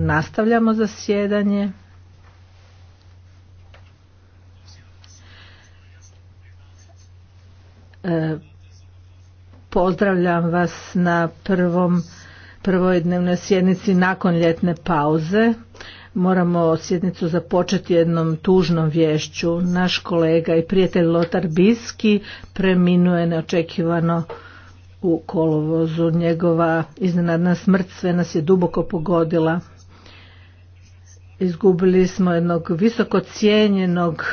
Nastavljamo zasjedanje. sjedanje. pozdravljam vas na prvom prvoj dnevnoj sjednici nakon ljetne pauze. Moramo sjednicu započeti jednom tužnom vješću. Naš kolega i prijatelj Lotar Biski preminuje neočekivano u kolovozu. Njegova iznenadna smrt sve nas je duboko pogodila. Izgubili smo jednog visoko cijenjenog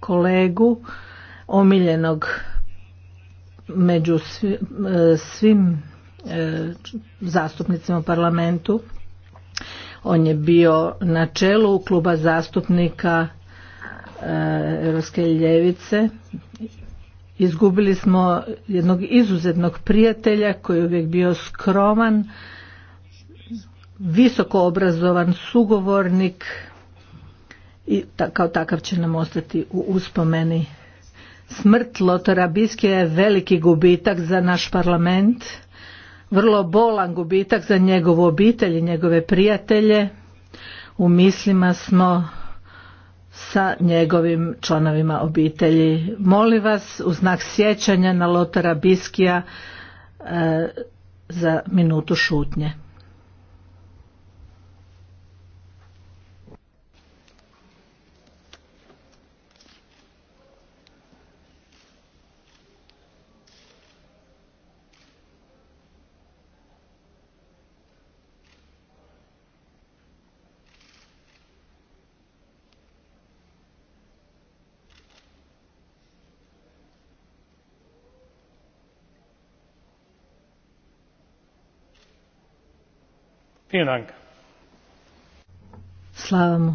kolegu, omiljenog među e, svim e, zastupnicima u parlamentu. On je bio na čelu kluba zastupnika e, Europske ljevice. Izgubili smo jednog izuzetnog prijatelja koji je uvijek bio skroman, visoko obrazovan sugovornik i kao takav će nam ostati u uspomeni. Smrt Lotora Biske je veliki gubitak za naš parlament, vrlo bolan gubitak za njegovu obitelj i njegove prijatelje. U mislima smo sa njegovim članovima obitelji. Molim vas u znak sjećanja na lotora Biskija e, za minutu šutnje. Hvala. Slavamo.